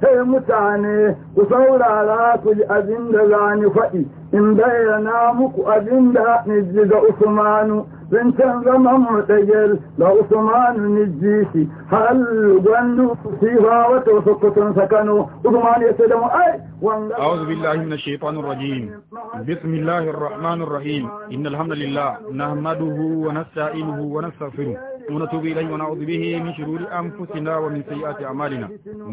sai mutane ku saurara ku ji abin da za ni faɗi in bayyana muku abin da ji ga usmanu zan can zama mutagir da usmanu niji shi hal gwandu ba wata wasu kutun sakano usmanu ya sai da mu ai أعوذ بالله من الشيطان الرجيم بسم الله الرحمن الرحيم إن الحمد لله نحمده ونستعينه ونستغفره ونتوب إليه ونعوذ به من شرور أنفسنا ومن سيئات أعمالنا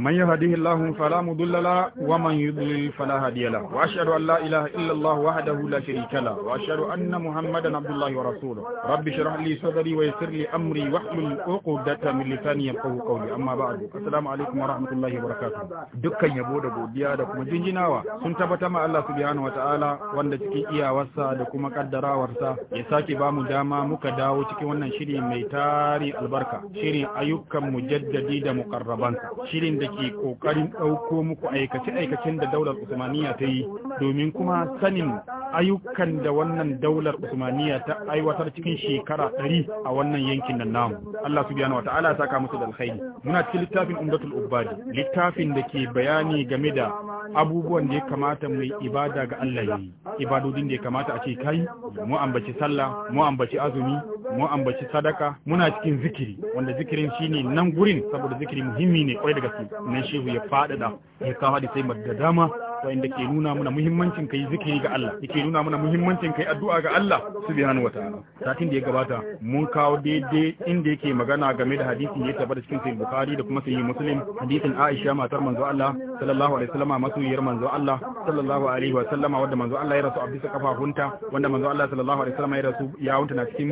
من يهده الله فلا مضل له ومن يضلل فلا هادي له وأشهد أن لا إله إلا الله وحده لا شريك له وأشهد أن محمدا عبد الله ورسوله رب اشرح لي صدري ويسر لي أمري واحلل عقدة من لساني يفقهوا قولي أما بعد السلام عليكم ورحمة الله وبركاته dukkan yabo da godiya da kuma jinjinawa sun tabbata ma Allah subhanahu wataala wanda cikin iyawarsa da kuma kaddarawarsa ya sake ba mu dama muka dawo cikin wannan shiri mai ta ƙari albarka shirin ayyukan mujaddadi da mukarrabansa shirin da ke ƙoƙarin ɗauko muku aikace-aikacen da daular usmaniya ta yi domin kuma sanin ayyukan da wannan daular Usmaniya ta aiwatar cikin shekara ɗari a wannan yankin nan namu. Allah subhanahu wata'ala ya saka musu da alkhairi. Muna cikin littafin Umdatul ubadi littafin da ke bayani game da abubuwan da ya kamata mu ibada ga Allah yi, ibadodin da ya kamata a ce kai, mu ambaci sallah, mu ambaci azumi, mu ambaci sadaka, muna cikin zikiri, wanda zikirin shine nan gurin saboda zikiri muhimmi ne kwarai da gaske. Nan shehu ya faɗaɗa ya kawo hadisai da dama wanda ke nuna mana muhimmancin kai zikiri ga Allah yake nuna mana muhimmancin kai addu'a ga Allah subhanahu wataala satin da ya gabata mun kawo daidai inda yake magana game da hadisi da ya tabbata cikin sahih bukhari da kuma sahih muslim hadisin aisha matar manzo Allah sallallahu alaihi wasallama masoyiyar manzo Allah sallallahu alaihi wasallama wanda manzo Allah ya rasu a bisa kafafunta wanda manzo Allah sallallahu alaihi wasallama ya rasu ya wunta na cikin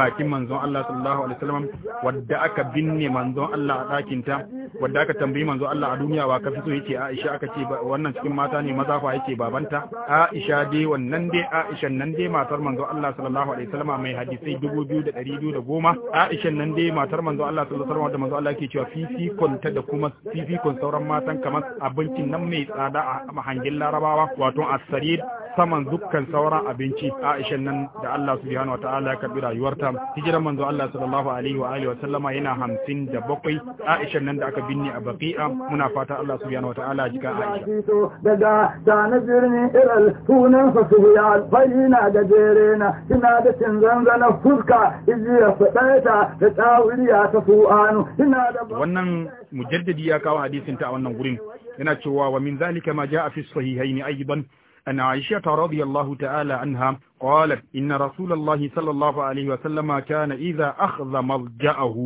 bakin manzo Allah sallallahu alaihi wasallam wanda aka binne manzo Allah a dakin ta wanda aka tambayi manzo Allah a duniya wa ka fito yace Aisha aka ce wannan cikin mata ne maza fa yake babanta Aisha dai wannan dai Aisha nan dai matar manzo Allah sallallahu alaihi wasallam mai hadisai 2210 Aisha nan dai matar manzo Allah sallallahu alaihi wasallam da manzo Allah yake cewa fifi kunta da kuma fifi kun sauran matan kamar abincin nan mai tsada a mahangin Larabawa wato as-sarid saman dukkan sauran abinci Aisha nan da Allah subhanahu wataala ya karbi rayuwarta hijiran manzo Allah sallallahu alaihi wa alihi wa sallama yana 57 Aisha nan da aka binne a Baqi'a muna fata Allah subhanahu wataala ya jika Aisha daga ta nazirni iral tunan fa subiyal bayina da jerena ina da zanzana fuska ijiya fadaita da tawiliya ta fu'anu ina da wannan mujaddidi ya kawo hadisin ta a wannan gurin yana cewa wa min zalika ma jaa fi sahihaini aidan أن عائشة رضي الله تعالى عنها قالت إن رسول الله صلى الله عليه وسلم كان إذا أخذ مضجعه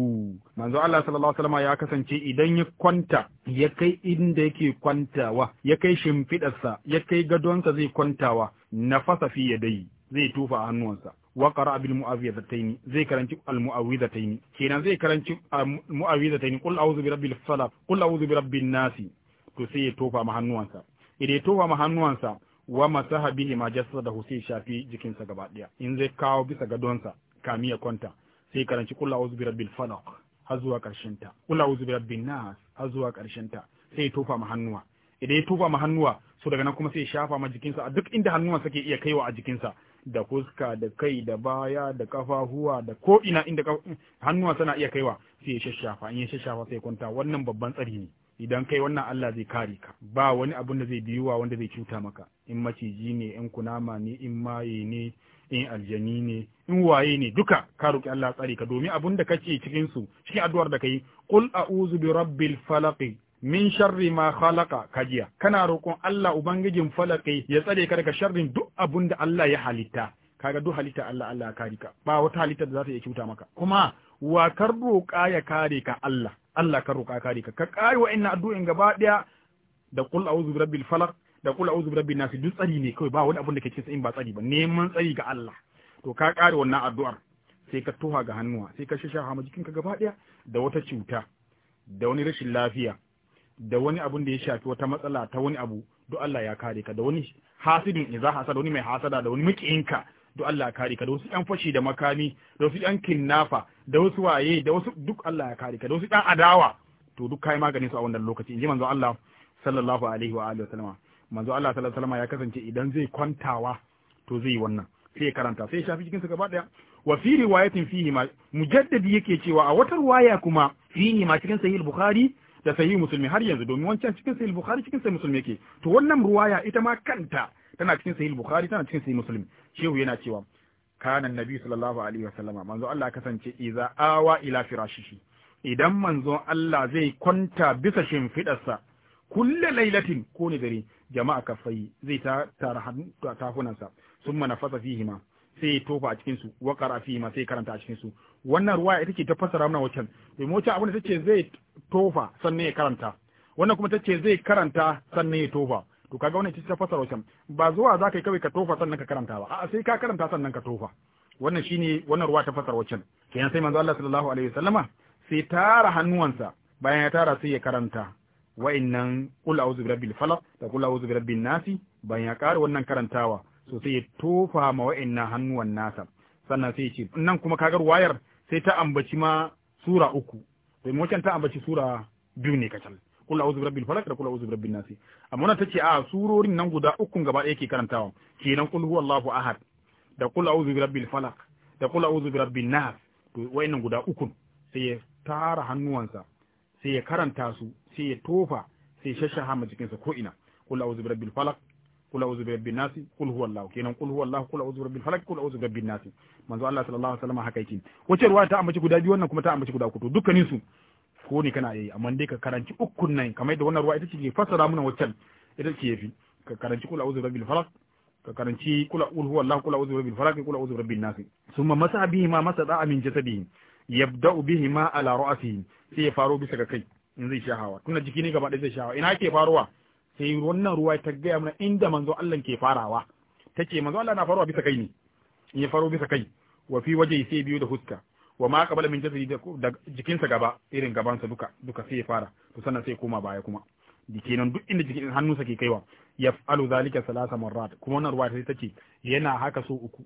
manzo Allah sallallahu alaihi wasallam ya kasance idan ya kwanta ya kai inda yake kwantawa ya kai shimfidarsa ya kai gadonsa zai kwantawa nafasa fi yadai zai tufa a hannuwansa wa qara bil mu'awwidhatayn zai karanci al mu'awwidhatayn kenan zai karanci al mu'awwidhatayn qul a'udhu bi rabbil falaq qul a'udhu to sai ya tofa idan ya hannuwansa wa masaha bihi ma hu sai shafi jikinsa gaba daya in zai kawo bisa gadonsa kami ya kwanta sai karanci qul a'udhu bi rabbil falaq har zuwa karshen ta qul a'udhu bi rabbin nas har zuwa karshen ta sai ya tofa ma hannuwa idan ya tofa ma hannuwa so daga nan kuma sai ya shafa ma jikinsa a duk inda hannuwan ke iya kaiwa a jikinsa da fuska da kai da baya da huwa da ko ina inda hannuwa sana iya kaiwa sai ya shashafa in ya shashafa sai kwanta wannan babban tsari ne idan kai wannan Allah zai kare ka ba wani abun da zai wa wanda zai cuta maka in maciji ne in kunama ne in maye ne in aljani ne in waye ne duka ka roki Allah tsare ka domin abun da kake cikin su cikin addu'ar da kai qul a'udhu bi rabbil falaq min sharri ma khalaqa kajiya kana roƙon Allah ubangijin falaqi ya tsare ka daga sharrin duk abun da Allah ya halitta kaga duk halitta Allah Allah ya kare ka ba wata halitta da za ta iya cuta maka kuma wa roƙa ya kare ka Allah Allah ka roƙa kare ka ka kare wa'annan addu'o'in gaba daya da qul a'udhu birabbil falaq da qul a'udhu birabbin nas duk tsari ne kawai ba wani abin da ke cikin ba tsari ba neman tsari ga Allah to ka kare wannan addu'ar sai ka tuha ga hannuwa sai ka shashaha ma jikinka gaba daya da wata cuta da wani rashin lafiya da wani abun da ya shafi wata matsala ta wani abu duk Allah ya kare ka da wani hasidin idza hasada wani mai hasada da wani makiyinka duk Allah ya kare ka da wasu ɗan fashi da makami da wasu ɗan kinnafa da wasu waye da wasu duk Allah ya kare ka da wasu ɗan adawa to duk kai maganin su a wannan lokaci inji manzo Allah sallallahu alaihi wa alihi wasallama manzo Allah sallallahu alaihi wasallama ya kasance idan zai kwantawa to zai yi wannan sai ya karanta sai ya shafi cikin sa gaba daya wa fi riwayatin fihi ma mujaddadi yake cewa a wata riwaya kuma fihi ma cikin sahih bukhari da sahih musulmi har yanzu domin wancan cikin sahih bukhari cikin sahih musulmi yake to wannan riwaya ita ma kanta tana cikin sahih bukhari tana cikin sahih muslim shehu yana cewa kana annabi sallallahu alaihi wasallama manzo Allah kasance iza awa ila firashihi idan manzo Allah zai kwanta bisa shimfidarsa kulle lailatin ko ne dare jama'a kafai zai ta tara summa nafasa fihi ma sai tofa a cikin su wa qara ma sai karanta a cikin su wannan ruwaya ita ce ta fassara mana wacan mai mota abin da tace zai tofa sannan ya karanta wannan kuma tace zai karanta sannan ya tofa to kaga wannan ita ta fasara ba zuwa za ka yi kawai ka tofa sannan ka karanta ba a'a sai ka karanta sannan ka tofa wannan shine wannan ruwa ta fasara wancan kenan sai manzo Allah sallallahu alaihi wasallama sai tara hannuwansa bayan ya tara sai ya karanta innan qul a'udhu birabbil falaq da qul a'udhu birabbin nasi bayan ya kare wannan karantawa so sai ya tofa ma innan hannuwan nasa sannan sai ya ce nan kuma kagar wayar sai ta ambaci ma sura uku sai wancan ta ambaci sura biyu ne kacal kul a'udhu birabbil falak da kul a'udhu birabbin nasi. amma wannan tace a surorin nan guda uku gaba ɗaya ke karantawa kenan kul huwallahu ahad da kul a'udhu birabbil falaq da kul a'udhu birabbin nas to wayannan guda uku sai ya tara hannuwansa sai ya karanta su sai ya tofa sai shashaha ma jikinsa ko ina kul a'udhu birabbil falaq kul a'udhu birabbin nas kul huwallahu kenan kul huwallahu kul a'udhu birabbil falaq kul a'udhu birabbin nas manzo Allah sallallahu alaihi wasallam haka yake wace ruwa ta ambaci guda biyu wannan kuma ta ambaci guda uku to ko ne kana yi amma dai ka karanci ukun nan kamar yadda wannan ruwa ita ce ke fassara mana waccan ita ce yafi ka karanci kula uzu rabbil falaq ka karanci kula ul huwa allah kula uzu rabbil falaq kula uzu rabbin nas thumma masa bihi ma masa da'a min jasadihi yabda'u bihi ma ala ra'sihi sai ya faro bisa ga kai in zai sha hawa tunda jiki ne gaba ɗaya zai sha hawa ina ke farowa sai wannan ruwa ta gaya mana inda manzo Allah ke farawa take manzo Allah na farowa bisa kai ne in ya faro bisa kai wa fi waje sai biyu da huska wa ma qabala min jasadi da jikinsa gaba irin gabansa duka duka sai ya fara to sannan sai koma baya kuma nan duk inda jikin hannunsa ke kaiwa ya yaf'alu zalika salasa marrat kuma wannan ruwa sai tace yana haka so uku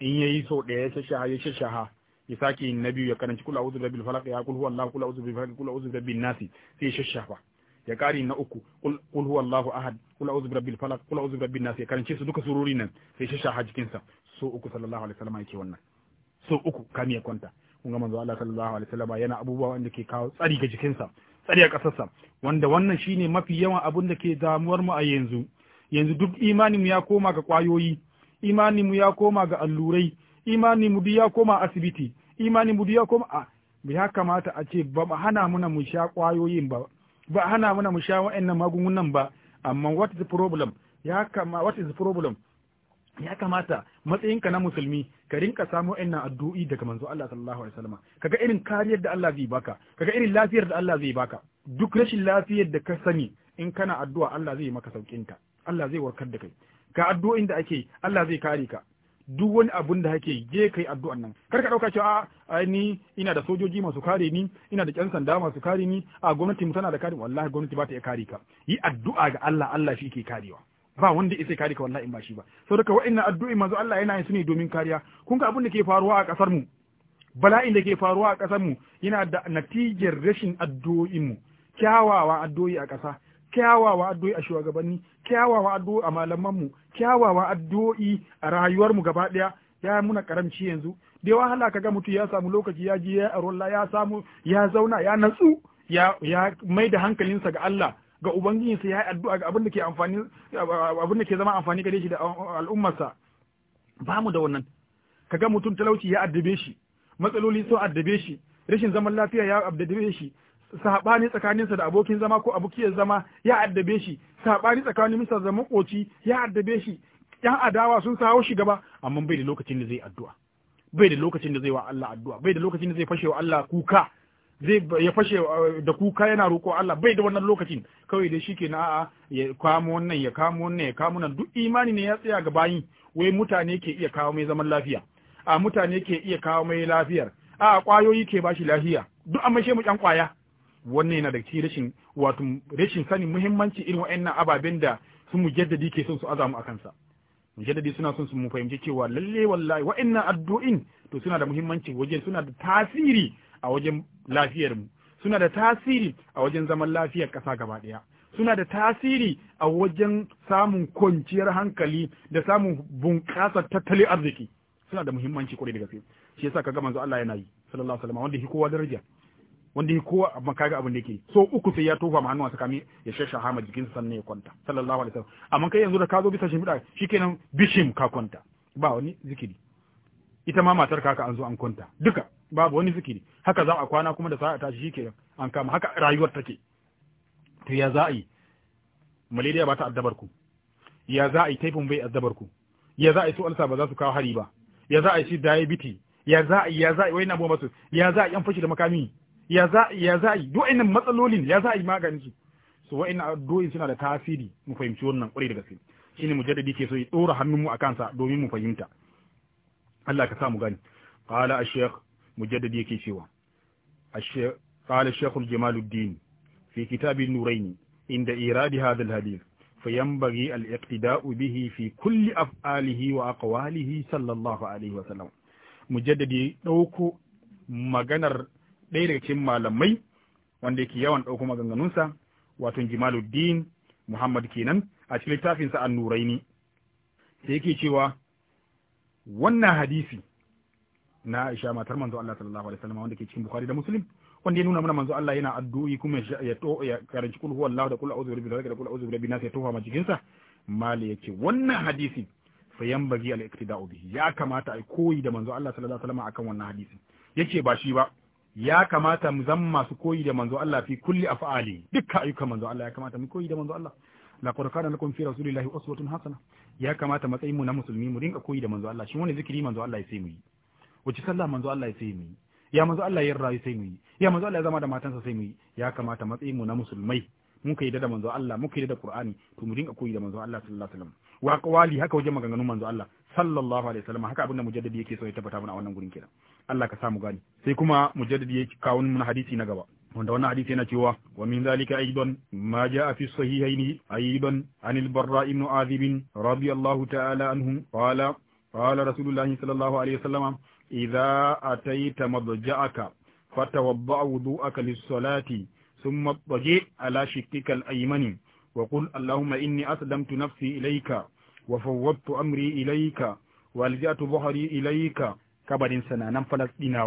in yayi so daya ya shashaha ya shashaha ya sake yin na biyu ya karanci kula uzu rabbil falaq ya kul huwallahu kula uzu rabbil falaq kula uzu rabbin nasi sai ya shashafa ya kari na uku kul huwallahu ahad kula uzu rabbil falaq kula uzu rabbin nasi ya karanci su duka surori nan sai shashaha jikinsa so uku sallallahu alaihi wasallam yake wannan sau uku kami ya kwanta kun ga manzo Allah sallallahu alaihi wasallam yana abubuwa wanda ke kawo tsari ga jikinsa tsari a kasarsa wanda wannan shine mafi yawan abun da ke damuwar mu a yanzu yanzu duk imani mu ya koma ga kwayoyi imani mu ya koma ga allurai imani mu ya koma asibiti imani mu ya koma a ya kamata a ce ba hana muna mu sha kwayoyin ba ba hana muna mu sha wa'annan magungunan ba amma what is problem ya kama what is the problem ya kamata matsayinka na musulmi ka rinka samo ina addu'i daga manzo Allah sallallahu alaihi wasallam kaga irin kariyar da Allah zai baka kaga irin lafiyar da Allah zai baka duk rashin lafiyar da ka sani in kana addu'a Allah zai maka saukin ka. Allah zai warkar da kai ka addu'o'in da ake Allah zai kare ka duk wani abun da kake je kai addu'an nan kar ka dauka cewa a ni ina da sojoji masu kare ni ina da kyan sanda masu kare ni a gwamnati mu tana da kare wallahi gwamnati ba ta iya kare ka yi addu'a ga Allah Allah shi ke karewa ba wanda isa kare ka wallahi in ba shi ba sau daga wa'annan addu'i manzo Allah yana yin su ne domin kariya kun ga abin da ke faruwa a kasar mu bala'in da ke faruwa a kasar mu yana da natijar rashin addu'o'in mu kyawawa addu'i a ƙasa kyawawa addu'i a shugabanni kyawawa addu'i a malaman mu kyawawa addu''i a rayuwar mu gaba ɗaya ya muna karamci yanzu da yawa hala kaga mutum ya samu lokaci ya je ya arolla ya samu ya zauna ya natsu ya ya mai da hankalinsa ga Allah ga sai ya yi addu'a ga abin da ke amfani abin da ke zama amfani gare shi da al'ummarsa ba mu da wannan kaga mutum talauci ya addabe shi matsaloli sun addabe shi rashin zaman lafiya ya addabe shi saɓani tsakaninsa da abokin zama ko abokiyar zama ya addabe shi saɓani tsakanin misa da makoci ya addabe shi yan adawa sun sawo shi gaba amma bai da lokacin da zai addu'a bai da lokacin da zai wa Allah addu'a bai da lokacin da zai fashe wa Allah kuka zai ya fashe da kuka yana roƙo Allah bai da wannan lokacin kawai dai shike na a'a ya kamo wannan ya kamo wannan ya kamo nan duk imani ne ya tsaya ga bayin wai mutane ke iya kawo mai zaman lafiya a mutane ke iya kawo mai lafiyar a kwayoyi ke bashi lafiya duk an mashe mu kwaya wannan yana da ci rashin wato rashin sanin muhimmanci irin wa'annan ababen da su jaddadi ke son su azamu a kansa jaddadi suna son su mu fahimci cewa lalle wallahi wa'annan addu'in to suna da muhimmanci wajen suna da tasiri a wajen lafiyarmu suna da tasiri a wajen zaman lafiyar ƙasa gaba ɗaya suna da tasiri a wajen samun kwanciyar hankali da samun bunƙasar tattalin arziki suna da muhimmanci kwarai da gaske shi yasa kaga manzo Allah yana yi sallallahu alaihi wasallam wanda shi kowa daraja wanda shi kowa amma kaga abin da yake so uku sai ya tofa ma hannuwa sakami ya shasha hama jikinsa sannan ya kwanta sallallahu alaihi wasallam amma kai yanzu da ka zo bisa shimfiɗa shikenan bishim ka kwanta ba wani zikiri ita ma matar ka an zo an kwanta duka babu wani zikiri haka za a kwana kuma da sa'a tashi shikenan an kama haka rayuwar take to ya za a yi malaria ba ta addabar ku ya za a yi taifin bai addabar ku ya za a yi su alsa ba za su kawo hari ba ya za a yi shi diabetes ya za a yi ya za a yi wani abubuwa masu ya za a yi an fashi da makami ya za a yi ya za a yi duk wa'annan matsalolin ya za a yi magani. su so wa'annan addu'o'in suna da tasiri mu fahimci wannan kwarai da gaske shine mujaddadi ke so ya ɗora hannun mu akan domin mu fahimta Allah ka sa mu gani qala ash-shaykh mujaddid yake cewa ash-shaykh qala ash-shaykh jamaluddin fi kitab an-nurayn inda iradi hadha al-hadith fayanbaghi al-iqtida'u bihi fi kulli af'alihi wa aqwalihi sallallahu alaihi wa sallam mujaddidi dauko maganar ɗaya daga cikin malamai wanda yake yawan ɗauko maganganunsa wato Jamaluddin Muhammad kenan a cikin littafinsa An-Nuraini sai yake cewa wannan hadisi na Aisha matar manzo Allah sallallahu alaihi wasallam wanda ke cikin Bukhari da Muslim wanda ya nuna mana manzo Allah yana addu'i kuma ya to ya karanci kul huwallahu da kul a'udhu birabbil falaq da kul a'udhu birabbin nas ya tofa ma cikin sa mali yace wannan hadisi fa yanbaghi al iqtida'u bihi ya kamata ai koyi da manzo Allah sallallahu alaihi wasallam akan wannan hadisi yace ba shi ba ya kamata mu zama masu koyi da manzo Allah fi kulli af'ali dukkan ayyukan manzo Allah ya kamata mu koyi da manzo Allah laqad kana lakum fi rasulillahi uswatun hasana ya kamata matsayin mu na musulmi mu rinka koyi da manzo Allah shi wani zikiri manzo Allah ya sai mu yi wace sallah manzo Allah ya sai mu yi ya manzo Allah ya rayu sai mu yi ya manzo Allah ya zama da matansa sai mu yi ya kamata matsayin mu na musulmai mun yi da manzo Allah mun yi da Qur'ani to mu rinka koyi da manzo Allah sallallahu alaihi wasallam wa qawali haka wajen maganganun manzo Allah sallallahu alaihi wasallam haka abinda mujaddidi yake so ya tabbata mana a wannan gurin kenan Allah ka sa mu gani sai kuma mujaddidi yake kawo mana hadisi na gaba وندون حديث نتيوا ومن ذلك أيضا ما جاء في الصحيحين أيضا عن البراء بن عاذب رضي الله تعالى عنه قال قال رسول الله صلى الله عليه وسلم إذا أتيت مضجعك فتوضع وضوءك للصلاة ثم اضجع على شكك الأيمن وقل اللهم إني أسلمت نفسي إليك وفوضت أمري إليك والجأت ظهري إليك كبر سنة نفلت دينا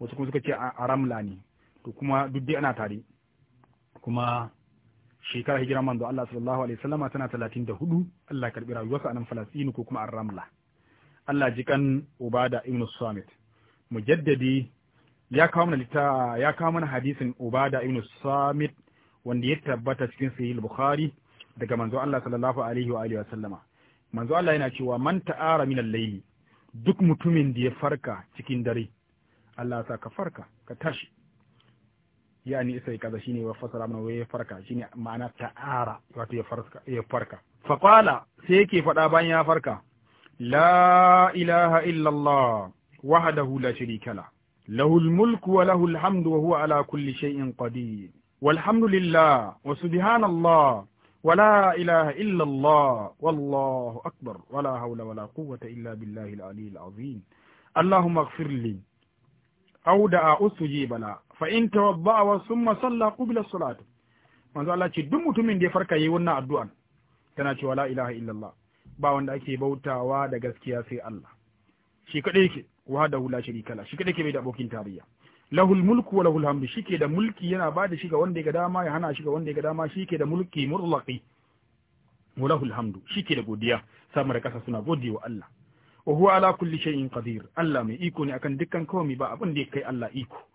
وسكون سكتش أرملاني to kuma duk dai ana tare kuma shekara hijira manzo Allah sallallahu alaihi wasallama tana 34 Allah karbi rayuwarsa a nan Falastinu ko kuma a Ramla Allah jikan Ubada ibn Samit mujaddadi ya kawo mana ya kawo mana hadisin Ubada ibn Samit wanda ya tabbata cikin sahih al-Bukhari daga manzo Allah sallallahu alaihi wa alihi wa manzo Allah yana cewa man ta'ara min al-layli duk mutumin da ya farka cikin dare Allah sa ka farka ka tashi yani isa kaza ne wa fasara mana wai farka shine ma'ana ta'ara wato ya farka ya sai yake faɗa bayan ya farka la ilaha illa allah la sharika la lahul mulku wa lahul hamdu wa huwa ala kulli shay'in qadir walhamdulillah wa subhanallah ولا إله إلا الله والله أكبر ولا حول ولا قوة إلا بالله العلي العظيم اللهم اغفر لي أو دعا أستجيب لا fa in tawabba'a wa summa salla qubila salatu manzo Allah ce duk mutumin da ya farka yayi wannan addu'an tana cewa la ilaha illallah ba wanda ake bautawa da gaskiya sai Allah shi kadai yake wahdahu la sharika la shi kadai yake bai da abokin tarayya lahul mulku wa lahul hamdu shike da mulki yana ba da shi ga wanda ya ga dama ya hana shi ga wanda ya ga dama shike da mulki mutlaqi wa lahul hamdu shike da godiya samar da kasa suna godewa Allah wa huwa ala kulli shay'in qadir Allah mai iko ne akan dukkan komai ba abin da ya kai Allah iko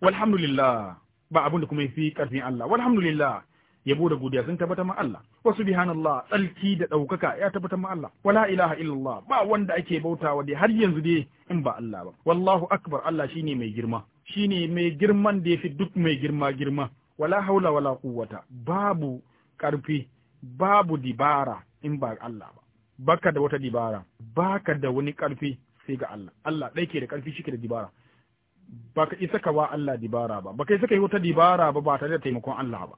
walhamdulillah ba abin da kuma fi ƙarfin Allah walhamdulillah yabo da godiya sun tabbatar ma Allah wa subhanallah tsalki da ɗaukaka ya tabbatar ma Allah wala ilaha illallah ba wanda ake bautawa dai har yanzu dai in ba Allah ba wallahu akbar Allah shine mai girma shine mai girman da yafi duk mai girma girma wala haula wala quwwata babu karfi babu dibara in ba Allah ba baka da wata dibara baka da wani karfi sai ga Allah Allah ɗaya ke da karfi shi da dibara baka isa ka ba Allah dibara ba baka isa ka yi wata dibara ba ba tare da taimakon Allah ba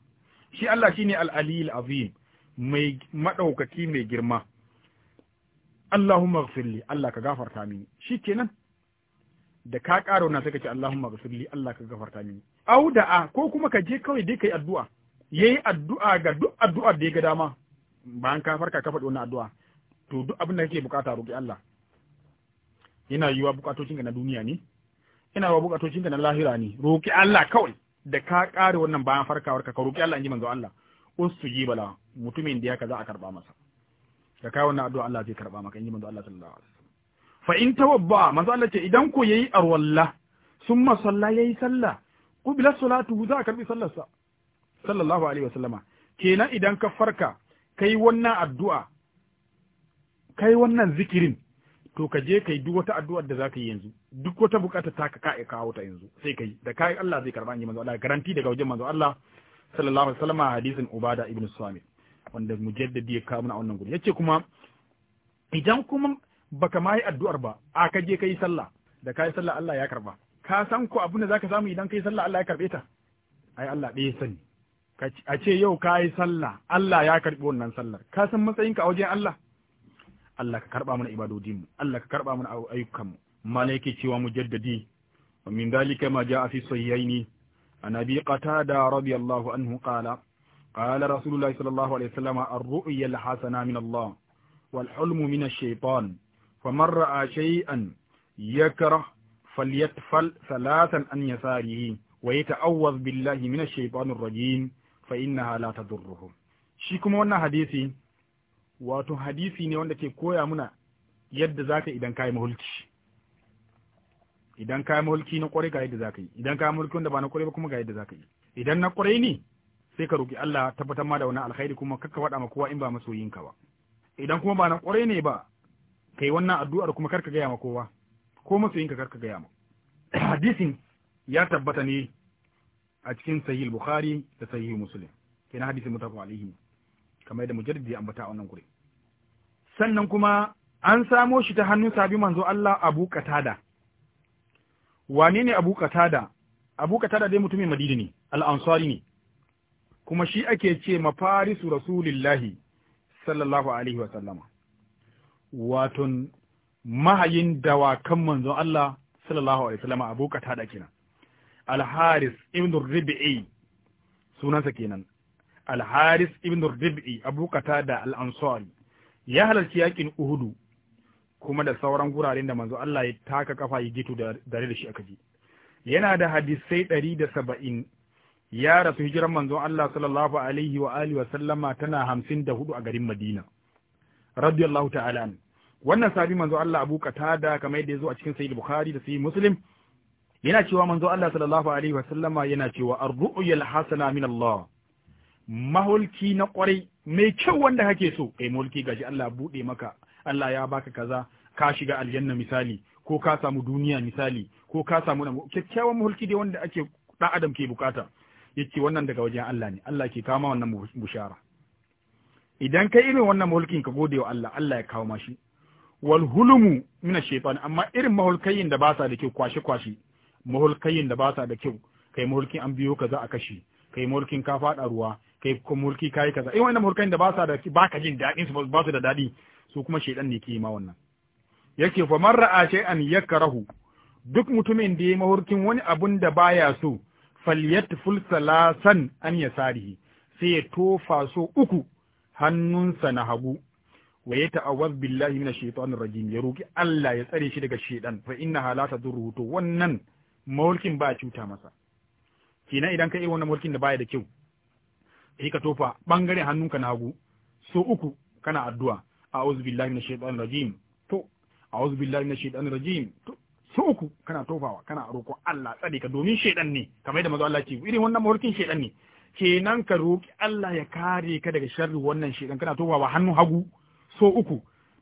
shi Allah shine al-alil azim mai madaukaki mai girma Allahumma ghfirli Allah ka gafarta mini shi kenan da ka ƙara wannan sai ka ce Allahumma ghfirli Allah ka gafarta mini au ko kuma ka je kawai dai kai addu'a yayi addu'a ga duk addu'ar da ya ga dama bayan ka farka ka faɗi wannan addu'a to duk abin da kake bukata roki Allah yana yiwa bukatocin ka na duniya ne ina wa bukatocinka na lahira ne roki Allah kawai da ka kare wannan bayan farkawar ka roki Allah in ji manzo Allah ustujiba Bala mutumin da ya kaza a karba masa ka kai wannan addu'a Allah zai karba maka in ji manzo Allah sallallahu alaihi wasallam fa in tawabba manzo Allah ce idan ko yayi arwalla summa salla yayi sallah qubila salatu za ka karbi sallarsa sallallahu alaihi wasallama kenan idan ka farka kai wannan addu'a kai wannan zikirin to ka je kai duk wata addu'ar da zaka yi yanzu duk wata bukata ta ka ka kawo ta yanzu sai kai da kai Allah zai karba in manzo Allah garanti daga wajen manzo Allah sallallahu alaihi wasallam hadisin Ubada ibn Samit wanda mujaddadi ya kawo mana wannan guri yace kuma idan kuma baka ma yi addu'ar ba a ka je kai sallah da kai sallah Allah ya karba ka san ko abin da zaka samu idan kai sallah Allah ya karbe ta ai Allah ɗaya sani a ce yau ka yi sallah Allah ya karbi wannan sallar ka san matsayinka a wajen Allah Allah ka karba mana ibadodin Allah ka karba mana ayyukan mu mala yake cewa mujaddadi wa min dalika ma jaa fi sahihaini an abi qatada radiyallahu anhu qala qala rasulullahi sallallahu alaihi wasallam ar-ru'ya al-hasana min Allah wal hulmu min ash-shaytan faman ra'a shay'an yakrah falyatfal thalathan an yasarihi wa yata'awwadh billahi min ash-shaytanir rajim fa innaha la tadurruhu shi kuma wannan hadisi wato hadisi ne wanda ke koya muna yadda ka idan kayi mahulki idan kayi mahulki na kwarai ga yadda ka yi idan kayi mahulki wanda ba na kwarai ba kuma ga yadda ka yi idan na kwarai ne sai ka roki Allah tabbatar ma da wani alkhairi kuma kakka faɗa ma kowa in ba masoyinka ba idan kuma ba na kwarai ne ba kai wannan addu'ar kuma karka gaya ma kowa ko masoyinka karka gaya ma hadisin ya tabbata ne a cikin sahih bukhari da sahih muslim kenan hadisin mutafa alaihi kamar da mujaddidi ya ambata a wannan kure. sannan kuma an samo shi ta hannun sabi manzo Allah Abu Qatada wane ne Abu Qatada Abu Qatada dai mutumin Madina ne al-Ansari ne kuma shi ake ce mafarisu Rasulillahi sallallahu alaihi wa sallama waton mahayin dawakan manzon Allah sallallahu alaihi wa sallama Abu Qatada kenan Al-Haris ibn Rib'i sunansa kenan Al-Haris ibn Rib'i Abu Qatada al-Ansari ya halarci yakin uhudu kuma da sauran guraren da manzo Allah ya taka kafa ya gitu da dare da shi aka ji yana da hadisai 170 da ya rasu hijiran manzo Allah sallallahu alaihi wa alihi wa sallama tana hamsin da a garin Madina radiyallahu ta'ala an wannan sabi manzo Allah Abu Qatada kamar yadda ya a cikin Sahih Bukhari da Sahih Muslim yana cewa manzo Allah sallallahu alaihi wa sallama yana cewa ar-ru'yal hasana min Allah mahulki na kwarai mai kyau wanda kake so kai eh, mulki gashi Allah bude maka Allah ya baka kaza ka shiga aljanna misali ko ka samu duniya misali ko ka samu kyakkyawan mulki dai wanda ake da adam ke bukata yace wannan daga wajen Allah ne Allah ke kama wannan bushara idan kai irin wannan mulkin ka gode wa Allah Allah ya kawo mashi wal hulumu min ash-shaytan amma irin mahulkayin da ba sa da kyau kwashi kwashi mahulkayin da ba sa da kyau kai mulkin an biyo ka za a kashi. kai mulkin ka faɗa ruwa kai kuma mulki kai kaza eh wannan mulkan da ba sa da ba ka jin dadin su ba su da daɗi su kuma shedan ne ke ma wannan yake fa a shay an yakrahu duk mutumin da ya mahurkin wani abun da baya so ful salasan an yasarihi sai ya tofa so uku hannunsa na hagu wa ya ta'awwaz billahi minash shaitanir rajim ya roki Allah ya tsare shi daga shedan fa inna halata durruto wannan mulkin ba cuta masa kina idan ka yi wannan mulkin da baya da kyau sai eh, ka tofa bangaren hannunka na hagu so uku kana addu'a a'udhu billahi na shaitanir rajim to a'udhu billahi na shaitanir rajim to so uku kana tofawa kana roƙo Allah tsare ka domin shaitan ne kamar yadda manzo Allah ce irin wannan mahurkin shaitan ne kenan ka roƙi Allah ya kare ka daga sharri wannan shaitan kana tofawa hannu hagu so uku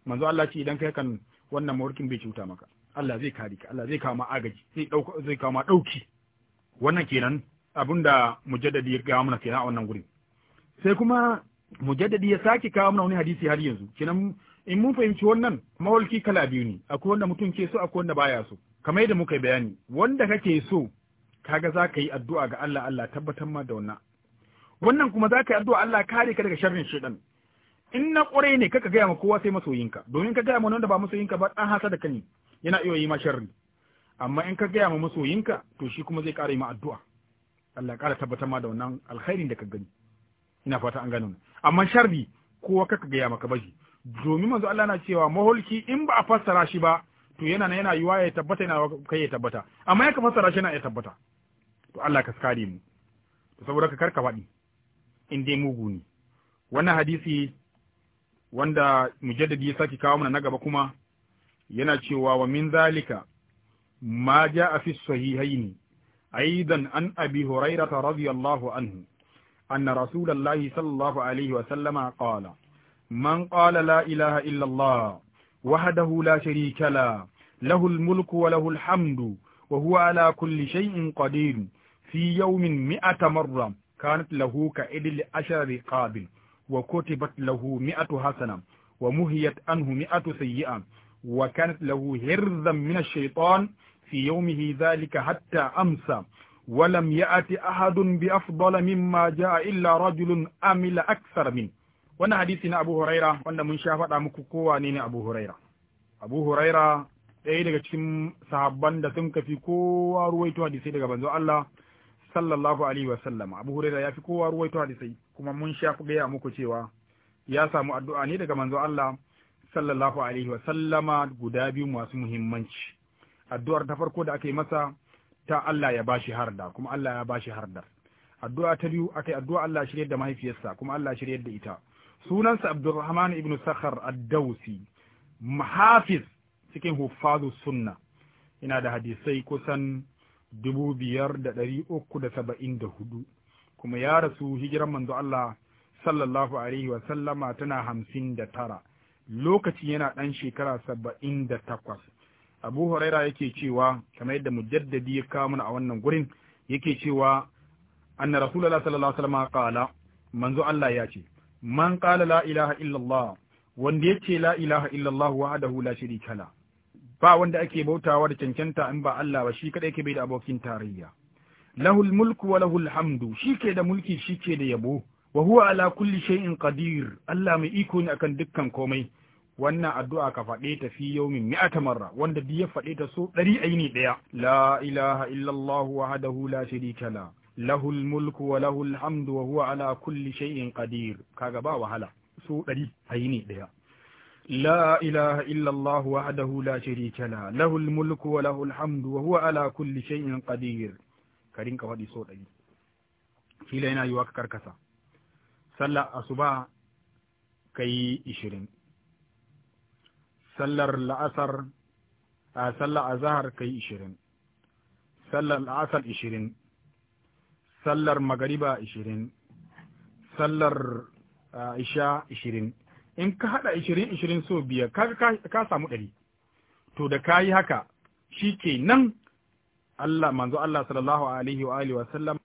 manzo Allah ce idan kai kan wannan mahurkin bai cuta maka Allah zai kare ka Allah zai kawo ma agaji zai dauka zai kawo ma dauki wannan kenan abinda mujaddadi ya ga mana kenan a wannan gurin sai kuma mujaddadi ya sake kawo mana wani hadisi har yanzu kenan in mun fahimci wannan mawalki kala biyu ne akwai wanda mutum ke so akwai wanda baya so kamar yadda muka yi bayani wanda kake so kaga za ka yi addu'a ga Allah Allah tabbatar ma da wannan wannan kuma za ka yi addu'a Allah kare ka daga sharrin shaitan in na ƙwarai ne kaka gaya ma kowa sai masoyinka domin ka gaya ma wanda ba masoyinka ba ɗan hasa da kani yana iya yi ma sharri amma in ka gaya ma masoyinka to shi kuma zai ƙara yi ma addu'a Allah ya ƙara tabbatar ma da wannan alkhairin da ka gani ina fata an gano amma sharbi. kowa kaka gaya maka bashi domin manzo Allah na cewa maholki in ba a fassara shi ba to yana na yana yuwa ya tabbata yana kai ya tabbata amma ya ka fassara shi yana ya tabbata to Allah ka kare mu to saboda ka karka faɗi in dai mugu ne wannan hadisi wanda mujaddadi ya saki kawo mana na gaba kuma yana cewa wa min zalika ma jaa fi sahihaini aidan an abi hurairata radiyallahu anhu أن رسول الله صلى الله عليه وسلم قال من قال لا إله إلا الله وحده لا شريك له له الملك وله الحمد وهو على كل شيء قدير في يوم مئة مرة كانت له كعد لأشر قابل وكتبت له مئة حسنة ومهيت عنه مئة سيئة وكانت له هرذا من الشيطان في يومه ذلك حتى أمسى ولم يأتي أحد بأفضل مما جاء إلا رجل أمل أكثر منه wannan hadisi na Abu Huraira wanda mun sha faɗa muku kowa ne ne Abu Huraira Abu Huraira ɗaya daga cikin sahabban da sun kafi kowa ruwaito hadisai daga banzo Allah sallallahu alaihi wasallam Abu Huraira ya fi kowa ruwaito hadisai kuma mun sha gaya muku cewa ya samu addu'a ne daga manzo Allah sallallahu alaihi wasallama guda biyu masu muhimmanci addu'ar ta farko da aka yi masa ta Allah ya bashi harda kuma Allah ya bashi harda addu'a ta biyu akai addu'a Allah shiryar da mahaifiyarsa kuma Allah shiryar da ita sunansa Abdurrahman ibn Sakhar ad-Dawsi mahafiz cikin huffazu sunna yana da hadisai kusan dubu da kuma ya rasu hijiran manzo Allah sallallahu alaihi wa sallama tana hamsin da tara lokaci yana ɗan shekara saba'in da takwas abu huraira yake cewa kamar yadda mujaddadi ya kawo mana a wannan gurin yake cewa anna rasulullah sallallahu alaihi wasallam qala manzo Allah ya ce man qala la ilaha illallah wanda yace la ilaha illallah wahdahu la sharika la ba wanda ake bautawa da cancanta in ba Allah ba shi kadai yake bai da abokin tarayya lahul mulku wa lahul hamdu shi ke da mulki shi ke da yabo wa huwa ala kulli shay'in qadir Allah mai iko ne akan dukkan komai wannan addu'a ka faɗe ta fi min mi'ata marra wanda duk ya faɗe ta so ɗari aini ɗaya la ilaha illallah wahdahu la sharika la lahul mulku wa lahul hamdu wa huwa ala kulli shay'in qadir kaga ba wahala so ɗari aini ɗaya لا إله إلا الله وحده لا شريك له له الملك وله الحمد وهو على كل شيء قدير كرين كوادي صوت أي في لنا يوك كركسا صلى أصبع كي إشرين sallar la'asar a sallar azahar ka yi ishirin sallar la'asar ishirin sallar magariba ishirin sallar isha ishirin in ka haɗa ishirin ishirin so biyar ka samu ɗari to da ka yi haka shi ke nan Allah manzo Allah sallallahu alaihi wa wa sallam